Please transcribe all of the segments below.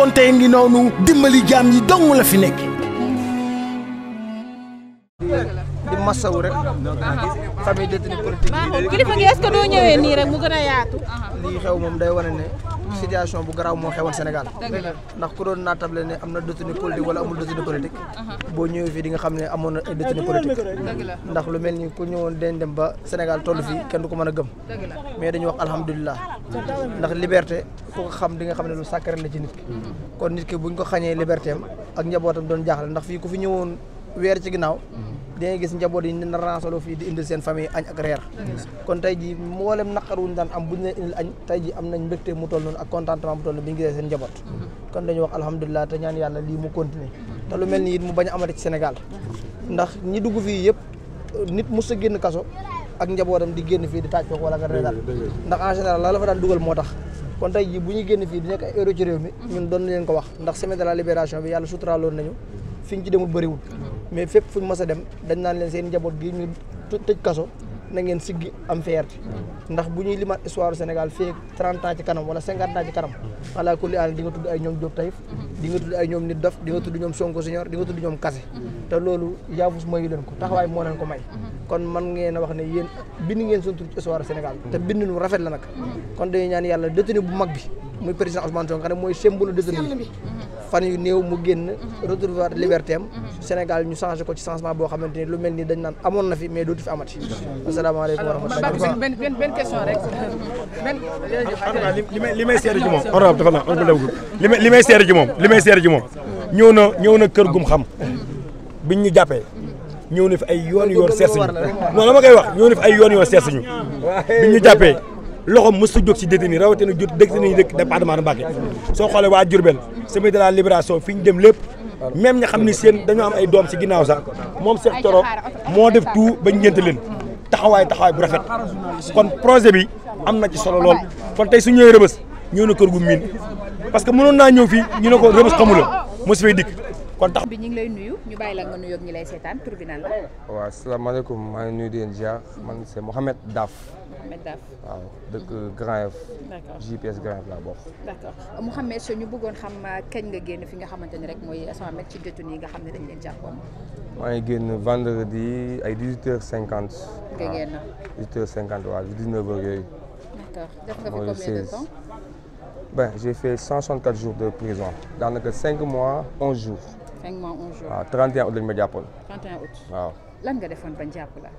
konte ngi noonu dimbali jaam yi dong la fi nekk masawu rek famille détenu politique yi. kilifa gi est doo ñëwee nii rek mu gën a yaatu. lii xew moom day wane ne. situation bu garaaw moo xewoon Sénégal. ndax ku doon naatable ne am na détenu politique wala amul détenu politique. Uh-huh. boo ñëwee fii di nga xam ne amoon na ay détenu politique. ndax lu mel ni ku ñëwoon den dem ba senegal toll fii kenn du ko mën a gëm. mais dañoo wax alhamdulilah. ndax liberté ku xam di nga xam ne lu sacré la ci nit uh-huh. kon nit ki bu buñ ko xañee liberté am ak njabootam doon jaaxle ndax fii ku fi ñëwoon weer ci ginnaaw. Uh-huh. dangay gis njaboot yi na ransaloo fii di indil seen famille añ ak reer kon tey ji mboolem naqar wuñ daan am buñ ne indil añ tey ji am nañ mbégte mu toll ak contentement mu toll noonu bi ñu gisee seen njaboot kon dañu wax alhamdulilah te ñaan yàlla lii mu continuer te lu mel ni it mu bañ a amati ci Sénégal ndax ñi dugg fii yëpp nit mu a génn kaso ak njabootam di génn fii di taaj foofu wala nga daal ndax en général la la fa daan dugal moo tax kon tey ji bu ñu génn fii di réew mi ñun doon na ko wax ndax semaine libération bi yàlla suturaaloon nañu fi ñu ci demul bëriwul mais fépp fu mës a dem dañ naan leen seen njaboot gi ñu tëj kaso na ngeen siggi am fierté ndax bu ñuy limaat histoire Sénégal fii 30 ans ci kanam wala 50 ans ci kanam alaa kulli aal di nga tudd ay ñoom Diop Taïf di nga tudd ay ñoom nit dof di nga tudd ñoom Sonko Senior di nga tudd ñoom Kassé te loolu yaafus mayu ko ko taxawaay moo leen ko may kon man ngeen a wax ne yéen bind ngeen sunu tur ci histoire Sénégal te bind nu rafet la nag kon dañuy ñaan yàlla détenu bu mag bi muy président Ousmane Sonko nga mooy symbole détenu fan yu néew mu génn mhm. retrouver liberté mhm. Sénégal ñu changé ko ci changement boo xamante ni lu mel nii dañ naan amoon na fi mais dootu fi amati mhm. asalaamaaleykum wa rahmatulah benn benn question ah, li may seere ci moom honorable dafa na li may li may seere ci oh, moom li may seere ci moom ñëw na ñëw na kër gum xam biñ ñu jàppee ñëw na fi ay yoon yoon seet suñu non la wax ñëw ay yoon yoon seet suñu biñ ñu jàppee loxo mës su jóg ci détenu rawatina jur détenu yi dëkk département de Mbacké soo xoolee waa Diourbel semaine de la libération fi ñu dem lépp même ña xam ni seen dañoo am ay doom si ginnaaw sax moom Cheikh Thioro moo def tout ba ngénte leen taxawaay taxawaay bu rafet kon projet bi am na ci solo lool kon tey su ñëwee rëbës ñëw na kër gu miin parce que mënoon naa ñëw fii ñu ne ko rëbës xamula mosu fay dikk kon tax bi ñu ngi lay nuyu ñu bàyyi la nga nuyoo ak ñi lay seetaan tur bi la. waaw asalaamaaleykum maa ngi nuyu di leen man c'est Mohamed Daf. Mohamed Daf waaw dëkk Grand F. laa bokk. d'accord Mohamed ñu bëggoon xam euh, kañ nga génn fi nga xamante ne rek mooy sama met ci jotu nii nga xam ne dañ leen jàppoon. maa ngi génn vendredi ay 18h50. nga génn 18h50 waaw 19h yooyu. d'accord def daanaka 5 mois 11 jours. cinq mois waaw 31 août lañ ma jàppoon. 31 août waaw. lan nga defoon bañ jàpp la.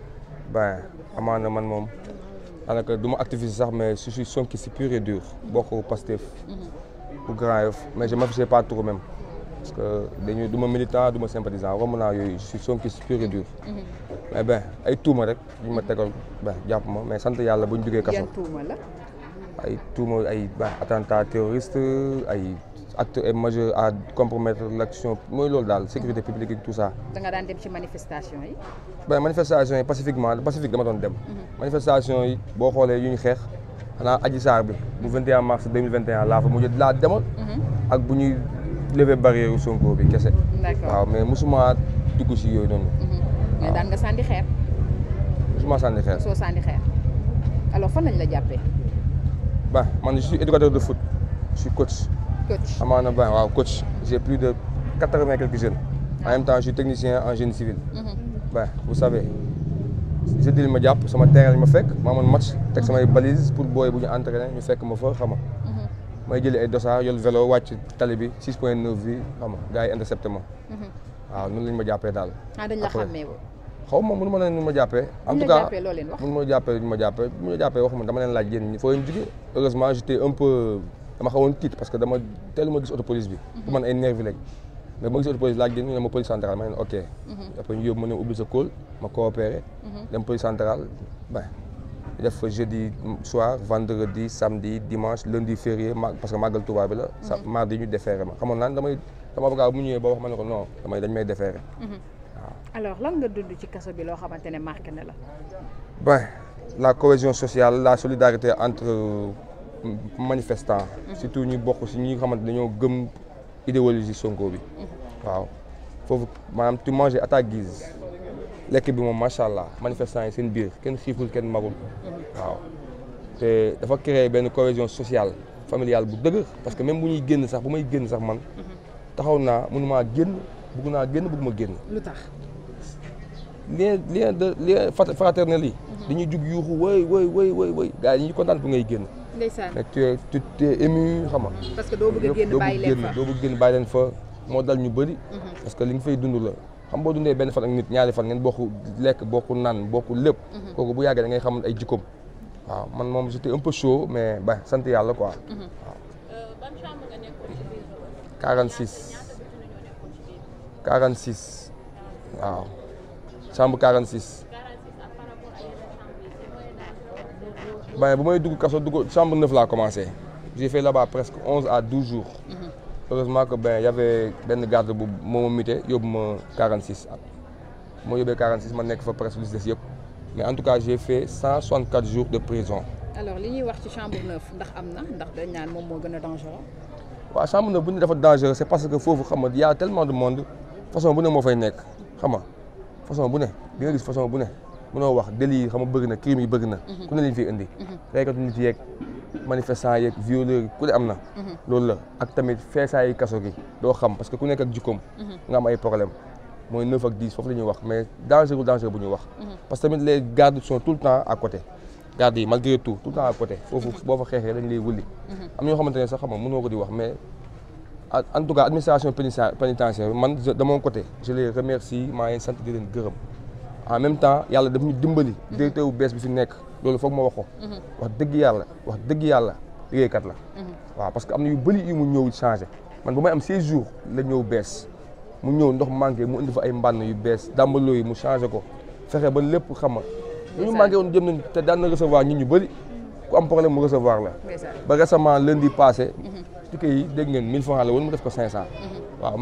ben amaana man moom. daanaka du ma activiste sax mais je suis sonkiste pur et dur. bokk Pastef. Mhm. bu Grand Yoff mais je m'affichais pas trop même. parce que dañuy du ma militant du ma sympathisant romb naa yooyu je suis sonkiste pur et mhm. mais ben ay tuuma rek ñu ma tegoon ben jàpp ma mais sant yàlla bu ñu duggee kaso. ay tuuma ay ben acte est majeur à compromettre l'action mooy loolu daal sécurité publique tout ça. da nga daan dem ci manifestation yi. ben manifestation yi pacifiquement pacifique dama doon dem. Mhm. yi boo xoolee yu ñu xeex xanaa Adji Sarr bi bu 21 mars 2021 laa fa mujj mhm. ak bu ñuy lever barrière Sonko bi kese. waaw mais mosuma dugg si yooyu noonu. Mhm. mais daan nga sànni xeer. mosuma sànni xeer man je éducateur de foot je suis coach. coach amaana Baye waaw coach j'ai plus de quatre-vingt quelques jeunes en même temps je suis technicien en génie civil Baye mhm. vous savez li ma jàpp sama terrain ma fekk m amoon match teg samay mhm. balise pour booy bu ñu entraîné ñu fekk ma fa xama mhm. may jëli ay dossard yol vélo wàcc tali bi six point neuf bi xama gars yi intercepté ma waaw noonu lañ ma jàppee daal ah, dañ la xàmmee xaw ma mënu ma leen nu ma jàppee en tout cas mënu ma jàppee lu ñu ma jàppee bu ñu ma dama xawoon tiit parce que dama teelu ma gis auto police bi pour mhm. man ay nervi lañ mais ma gis auto police laaj ñu ne ma police centrale ma ne ok mhm. après ñu yóbbu ma ne ubbi sa kóol ma coopéré mhm. dem police centrale ben def fa jeudi soir vendredi samedi dimanche lundi férié parce que màggal Tuubaa bi la sa mardi ñu déféré ma xamoon naan damay sama avocat bu mu ñëwee ba wax ma ne ko non damay dañ may déféré waaw alors lan nga dund ci kaso bi loo xamante ne na la ben la cohésion la solidarité manifestant mhm. surtout ñu bokk si ñi nga xamante dañoo gëm idéologie Sonko bi mhm. waaw foofu maanaam tu manger à ta lekk bi moom macha allah manifestant yi seen biir kenn xiiful kenn magul mhm. waaw te dafa créer benn cohésion sociale familiale bu dëgër parce que même bu ñuy génn sax bu may génn sax man taxaw naa mënumaa génn bëgg naa génn bëgg ma génn lu tax lien lien de lien fraternel yi dañuy jug yuuxu woy woy woy woy woy gars yi ñu kontaan bu ngay génn ndeysaan mais tu es tu es ému xam parce que doo bëgg génn fa doo bëgg génn bàyyi fa moo dal ñu bëri. Mhm. parce que li nga fay dund la. xam boo dundee benn fan ak nit ñaari fan ngeen bokk lekk bokk naan bokku lépp. Mhm. kooku bu yàggee dangay ngay xam ay jikkoom. waaw man moom j'étais un peu chaud mais ba sant yàlla quoi. Mhm. waaw. Euh, ban chambre nga nekkoon ci biir 46. 46. ben bu may dugg kaso dugg chambre neuf laa commencé j'ai fait là-bas presque onze à ou jours mhm. heureusement que ben y avait benn garde bu m ma muté yóbbu ma 46 at moo yóbbee 46 ma nekk fa presque lu des yëpp mais en tout cas j'ai fait 164 jours de prison. alors li ñuy wax ci chambre neuf ndax am na ndax dañ naan moom moo gën a dangereux. waaw chambre neuf bu ñu dafa dangereux c'est parce que foofu xam nga y a tellement de monde façon bu ne moo fay nekk xam nga façon bu ne di nga gis façon bu ne. mënoo wax délit yi xam nga bëgg na crime yi bëgg na mhm. ku ne lañ fiy indi mhm. reykatu nit yeeg manifestant yeeg violeur ku ne am na mhm. loolu la ak tamit feesaayi kaso gi doo xam parce que ku nekk ak jikkoom nga am ay problème mooy neuf ak dix foofu la ñuy wax mais danger wu danger bu ñuy wax parce que tamit les gardes sont tout le temps à côté gardes yi malgré tout tout le temps à côté foofu boo fa xeexee dañ lay wulli am ñoo xamante ne sax xam nga mënoo ko di wax mais en tout cas administration pénitentiaire man de côté je les maa ngi sant di leen gërëm en même temps yàlla daf ñu dimbali. directeur bu bees bi fi nekk loolu foog ma wax ko. Mhm. wax dëgg yàlla wax dëgg yàlla kat la. Mhm. waaw parce que am na yu bëri yu mu ñëw changé man bu may am 16 jours la ñëw bees mu ñëw ndox manqué mu indi fa ay mbànn yu bees dàmbaloo yi mu changé ko fexe ba lépp xam nga. lu ñu manqué woon jëm nañ te daan na recevoir nit ñu bëri ku am problème mu recevoir la. ba récemment lundi passé. Mhm. ticket yi dégg ngeen 1000 francs la woon mu def ko 500. waaw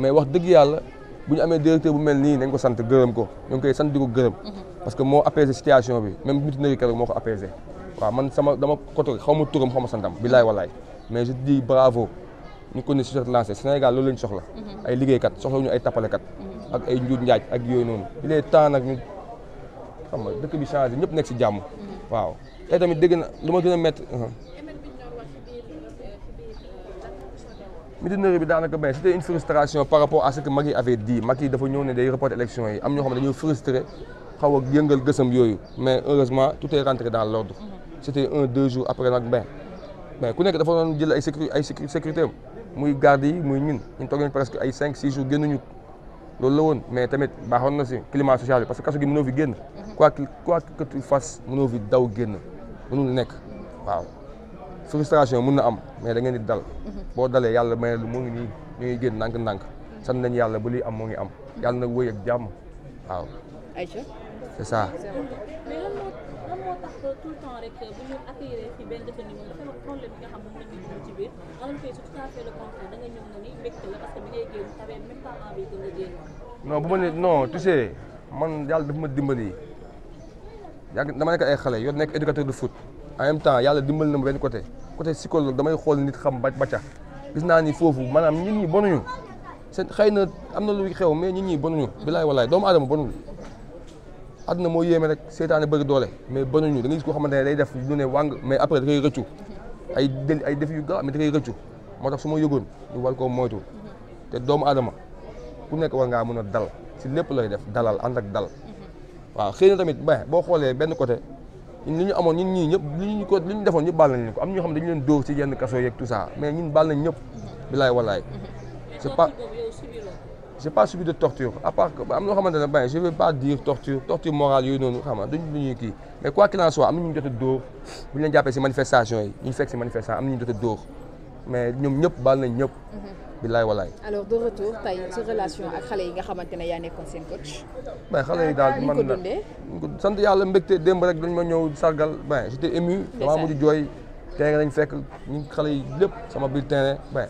bu ñu amee directeur bu mel nii nañ ko sant gërëm ko ñu ngi koy sant di ko gërëm mhm. parce que moo apaisé situation bi même mutinerie keroog moo ko apaisé waaw man sama dama koto xaw ma turam xaw ma santam bilaay walaay mais je dis bravo ñu ko ne si cette lancée Sénégal loolu lañ soxla mhm. ay liggéeykat soxla ñu mhm. njaaj ak yooyu noonu il est temps nag xam nga dëkk bi changé ñëpp nekk si jàmm waaw te tamit dégg na lu ma gën a uh-huh. mutinerie bi daanaka benn c'était une frustration par rapport à ce que Macky avait dit Macky dafa ñëw ne day reporter élection yi am ñoo xam ne dañoo frustré xaw a yëngal yooyu mais heureusement tout est rentré dans l'ordre mhm. c'était un deux jours après nag benn ku nekk dafa doon jël ay sécurité ay sécurité am muy garde yi muy ñun ñu toog presque ay cinq six jours ñu loolu la woon mais tamit baaxoon na si climat social bi parce que kaso gi mënoo fi génn mhm. quoi quoi que tu fasses mënoo fi daw nekk waaw frustration mun na am mais da ngeen dal boo dalee yàlla may lu mu ngi nii ñu ngi génn ndànk-ndànk sant nañu yàlla ba liy am moo ngi am yàlla nag wëy jàmm waaw c'est bu ñu accueillir tu man yàlla dafa ma dimbali yàgg dama nekk ay xale yow nekk éducateur de foot en même temps yàlla dimbali na mu benn côté. côté psychologue damay xool nit xam ba ba ca gis naa ni foofu maanaam nit ñi bonuñu seen xëy na am na lu xew mais nit ñi bonuñu bilaay walaay doomu aadama bonul àdduna moo yéeme rek seetaane bëgg doole mais bonuñu da nga gis koo xamante ne day def lu ne wàng mais après da koy rëccu ay dël ay def yu gaaw mais da koy rëccu moo tax su ma yëgoon ñu war koo moytu te doomu aadama ku nekk war ngaa mën a dal si lépp looy def dalal ànd ak dal mhm. waaw xëy na tamit boo xoolee benn côté li ñu amoon ñun ñii ñëpp li ñu ko ñu defoon ñëpp baal nañ ko am ñoo xam ne dañu leen dóor ci yenn kaso yeeg tout ça mais ñun baal nañ ñëpp bilaay walaay mm-hmm. c'est pas j'ai de torture que am na loo xamante ne ben je vais pas dire torture torture morale yooyu noonu xam nga duñ kii mais quoi qu'il en soit am na ñu jot a dóor bu ñu leen jàppee si manifestation yi ñu fekk si manifestation am na ñu jot a dóor mais ñoom ñëpp baal nañ ñëpp. Mhm. billaay walaay. alors de retour tey sa xamante ne yaa nekkoon seen coach. mais xale yi man na sant yàlla mbégte démb rek dañ ma ñëw sargal ben j'étais ému. damaa mujj jooy tey dañ fekk ñu xale yi lépp sama biir terrain ben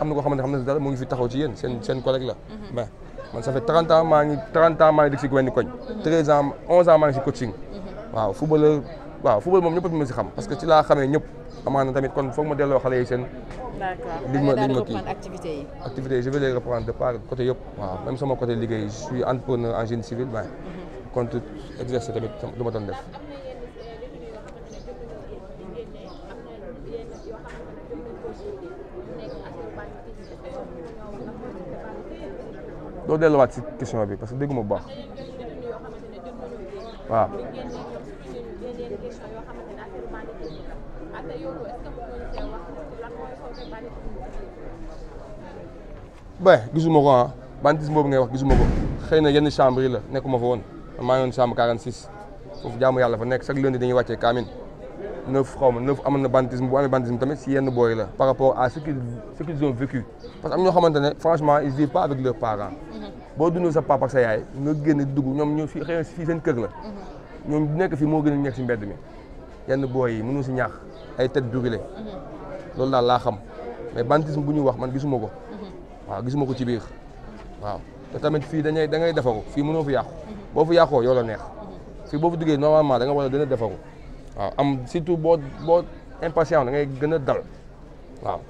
am na koo xamante xam ne dara mu ngi fi taxaw ci yéen seen mhm. seen collègue la. Mhm. ben man ça fait 30 maa ngi 30 ans maa ngi dëkk si benn koñ. 13 ans 11 ans maa ngi si coaching. waaw footballeur waaw football moom ñëpp a fi si xam parce que ci laa xamee ñëpp. amaana tamit kon foog ma delloo xale yi seen. liñ ma liñ ma kii activité yi. activité yi je vais les reprendre de part côté yëpp. waaw même sama côté liggéey je suis entrepreneur en génie civil ben contre mhm. exercer tamit lu ma doon def. doo delluwaat si question bi parce que dégguma bu baax waaw. ba gisuma ko ah banditisme boobu ngay wax gisuma ko xëy na yenn chambre la la nekkuma fa woon maa ngi woon chambre 46 foofu jaamu yàlla fa nekk chaque lundi dañuy wàccee kaamin neuf xaw ma neuf amoon na banditisme bu amee banditisme tamit si yenn booy la par rapport à ce qu'ils ce qu'ils vécu parce que am ñoo xamante ne franchement ils vivent pas avec leurs parents mhm. boo dundoo sa papa ak sa yaay nga génn dugg ñoom ñoo fii xëy si fii seen kër la mhm. ñoom nekk fii moo gën a nekk mi yenn booy yi mënu si ñaax ay tête brûlée mhm. loolu daal laa xam mais banditisme bu ñuy wax man gisuma ko waaw gisuma ko ci biir waaw te tamit fii dañuy da ngay defaru fii mënoo fi yàqu boo fi yàqoo yoo la neex fii boo fi duggee normalement da nga war a gën a defaru boo boo impatient da ngay gën a dal waaw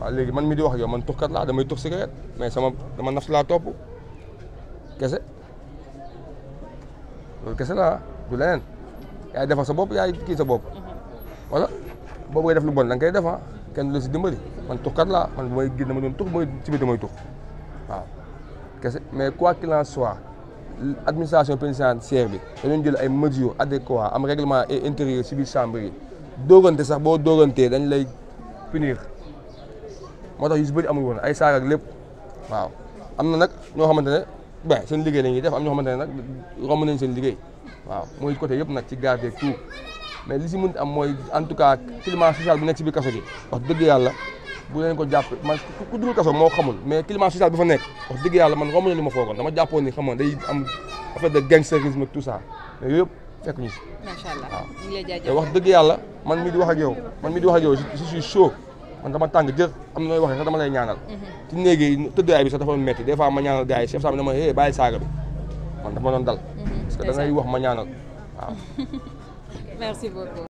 waaw léegi man mi di wax yow man tuxkat laa damay tux cigarette mais sama dama naf laa topp kese loolu kese la du leneen yaay defal sa bopp yaay kii sa bopp mhm. wala boobu ngay def lu bon da nga koy ah. kenn du la si dimbali man tuxkat laa man bu may gis dama doon mooy ci biir damay tux waaw kese mais quoi qu'il en soit administration pénitentiaire bi dañu jël ay mesures adéquates am règlement et intérieur si biir chambre yi sax boo dóorantee dañ lay punir moo tax yu si bëri amul woon ay saag ak lépp waaw am na nag ñoo xamante ne waaw seen liggéey la ñuy def am ñoo xamante ne nag romb nañ seen liggéey waaw mooy côté yëpp nag ci garde tout mais li si mën am mooy en tout cas climat social bi nekk si biir kaso gi wax dëgg yàlla bu leen ko jàpp man ku dul kaso moo xamul mais climat social bi fa nekk wax dëgg yàlla man romb na li ma foogoon dama jàppoon ni xam nga day am affaire de gangstérisme fekk ñu si. macha wax dëgg yàlla man mii di wax ak man mi di wax ak yow je suis man dama tàng jër am na nooy waxee sax dama lay ñaanal ci néegi tëddaay bi sa dafa metti des fois ma ñaanal gars yi chef saa bi dama hé eh, bàyyi saaga bi man dama doon dal mhm. parce que da wax ma ñaanal waaw